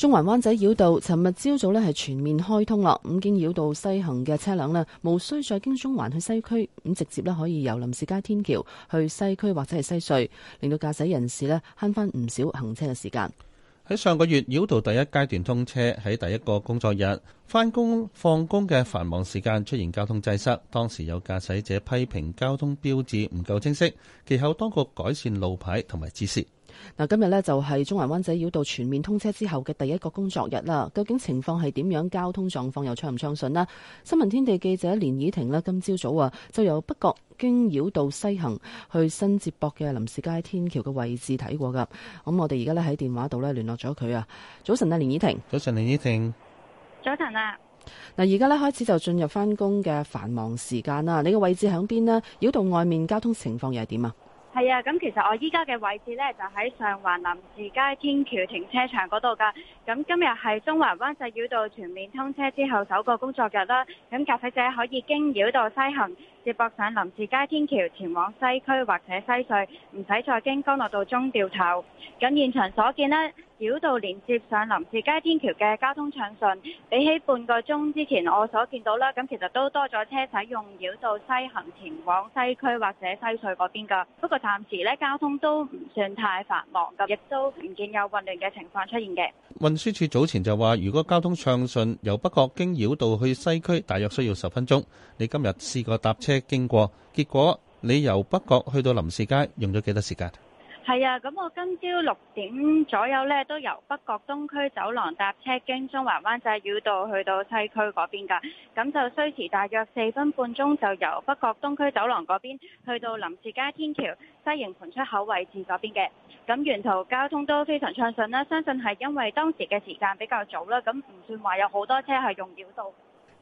中環灣仔繞道尋日朝早呢係全面開通咯，咁經繞道西行嘅車輛呢，無需再經中環去西區，咁直接呢可以由林士街天橋去西區或者係西隧，令到駕駛人士呢慳返唔少行車嘅時間。喺上個月繞道第一階段通車喺第一個工作日，返工放工嘅繁忙時間出現交通擠塞，當時有駕駛者批評交通標誌唔夠清晰，其後當局改善路牌同埋指示。嗱，今日呢，就係、是、中環灣仔繞道全面通車之後嘅第一個工作日啦。究竟情況係點樣？交通狀況又暢唔暢順呢？新聞天地記者連漪婷呢，今朝早啊，就由北角經繞道西行去新接駁嘅林士街天橋嘅位置睇過噶。咁、嗯、我哋而家呢，喺電話度呢聯絡咗佢啊。早晨啊，連漪婷。早晨，連漪婷。早晨啊。嗱，而家呢，開始就進入翻工嘅繁忙時間啦。你嘅位置響邊呢？繞道外面交通情況又係點啊？係啊，咁其實我依家嘅位置咧就喺上環林士街天橋停車場嗰度噶。咁今日係中環灣仔繞道全面通車之後首個工作日啦。咁駕駛者可以經繞道西行，接駁上林士街天橋前往西區或者西隧，唔使再經干諾道中掉頭。咁現場所見呢，繞道連接上林士街天橋嘅交通暢順，比起半個鐘之前我所見到啦，咁其實都多咗車使用繞道西行前往西區或者西隧嗰邊㗎。不過暫時咧交通都唔算太繁忙，亦都唔見有混亂嘅情況出現嘅。運輸署早前就話，如果交通暢順，由北角經繞道去西區，大約需要十分鐘。你今日試過搭車經過，結果你由北角去到林士街用咗幾多時間？係啊，咁我今朝六點左右咧，都由北角東區走廊搭車經中環灣仔繞道去到西區嗰邊噶，咁就需時大約四分半鐘就由北角東區走廊嗰邊去到林士街天橋西營盤出口位置嗰邊嘅，咁沿途交通都非常暢順啦，相信係因為當時嘅時間比較早啦，咁唔算話有好多車係用繞道。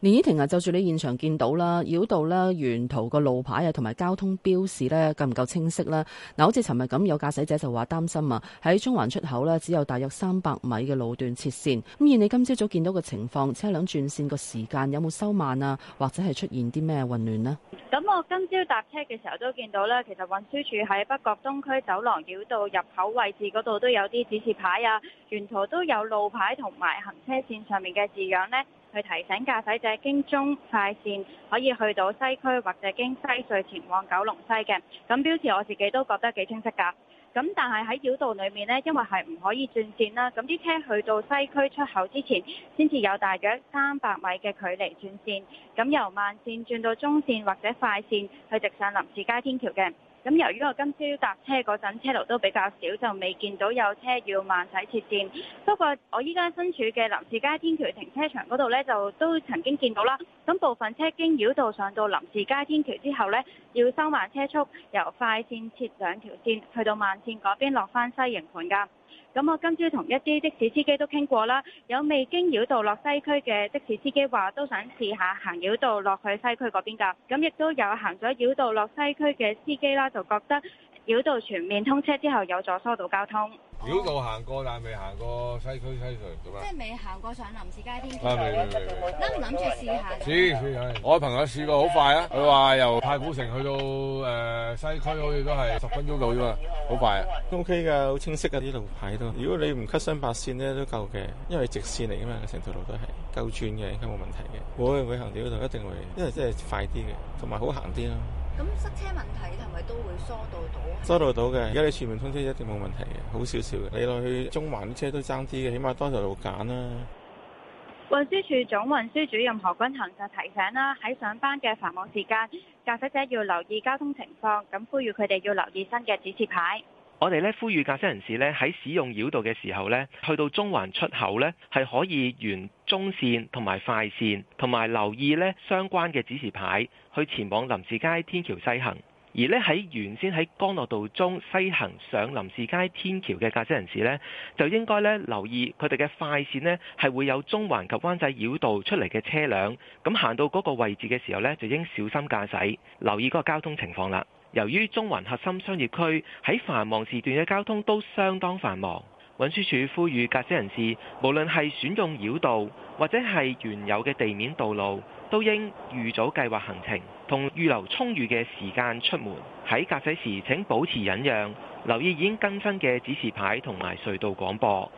連漪婷啊，就住你現場見到啦，繞道咧，沿途個路牌啊，同埋交通標示呢，夠唔夠清晰啦？嗱，好似尋日咁，有駕駛者就話擔心啊，喺中環出口呢，只有大約三百米嘅路段切線。咁而你今朝早見到嘅情況，車輛轉線個時間有冇收慢啊？或者係出現啲咩混亂呢？咁我今朝搭車嘅時候都見到咧，其實運輸署喺北角東區走廊繞道入口位置嗰度都有啲指示牌啊，沿途都有路牌同埋行車線上面嘅字樣呢，提醒駕駛者經中快線可以去到西區或者經西隧前往九龍西嘅，咁表示我自己都覺得幾清晰㗎。咁但係喺繞道裏面呢，因為係唔可以轉線啦，咁啲車去到西區出口之前，先至有大約三百米嘅距離轉線，咁由慢線轉到中線或者快線去直上林士街天橋嘅。咁由於我今朝搭車嗰陣車流都比較少，就未見到有車要慢駛切線。不過我依家身處嘅林士街天橋停車場嗰度呢，就都曾經見到啦。咁部分車經繞道上到林士街天橋之後呢，要收慢車速，由快線切兩條線去到慢線嗰邊落返西營盤㗎。咁我今朝同一啲的士司機都傾過啦，有未經繞道落西區嘅的士司機話都想試下行繞道落去西區嗰邊噶，咁亦都有行咗繞道落西區嘅司機啦，就覺得。繞道全面通車之後，有咗疏導交通。繞道行過，但係未行過西區西隧，做咩？即係未行過上林士街天橋。諗唔諗住試下？試係我啲朋友試過好快啊！佢話由太古城去到誒、呃、西區，好似都係十分鐘到啫嘛，好快啊！O K 噶，好清晰噶啲路牌都。如果你唔吸雙八線咧，都夠嘅，因為直線嚟噶嘛，成條路都係夠轉嘅，應該冇問題嘅。會會行繞道，一定會，因為即係快啲嘅，同埋好行啲咯。咁塞車問題係咪都會疏導到？疏導到嘅，而家你全面通車一定冇問題嘅，好少少嘅。你落去中環啲車都爭啲嘅，起碼多條路揀啦、啊。運輸署總運輸主任何君行就提醒啦，喺上班嘅繁忙時間，駕駛者要留意交通情況，咁呼籲佢哋要留意新嘅指示牌。我哋呢呼籲駕駛人士呢，喺使用繞道嘅時候呢，去到中環出口呢，係可以沿中線同埋快線，同埋留意呢相關嘅指示牌去前往林士街天橋西行。而呢，喺原先喺干諾道中西行上林士街天橋嘅駕駛人士呢，就應該呢留意佢哋嘅快線呢，係會有中環及灣仔繞道出嚟嘅車輛，咁行到嗰個位置嘅時候呢，就應小心駕駛，留意嗰個交通情況啦。由於中環核心商業區喺繁忙時段嘅交通都相當繁忙，運輸署呼籲駕駛人士，無論係選用繞道或者係原有嘅地面道路，都應預早計劃行程，同預留充裕嘅時間出門。喺駕駛時，請保持忍讓，留意已經更新嘅指示牌同埋隧道廣播。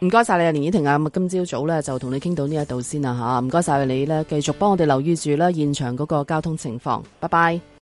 唔該晒你啊，連漪婷啊，咁今朝早咧就同你傾到呢一度先啦吓。唔該晒你咧，繼續幫我哋留意住咧現場嗰個交通情況。拜拜。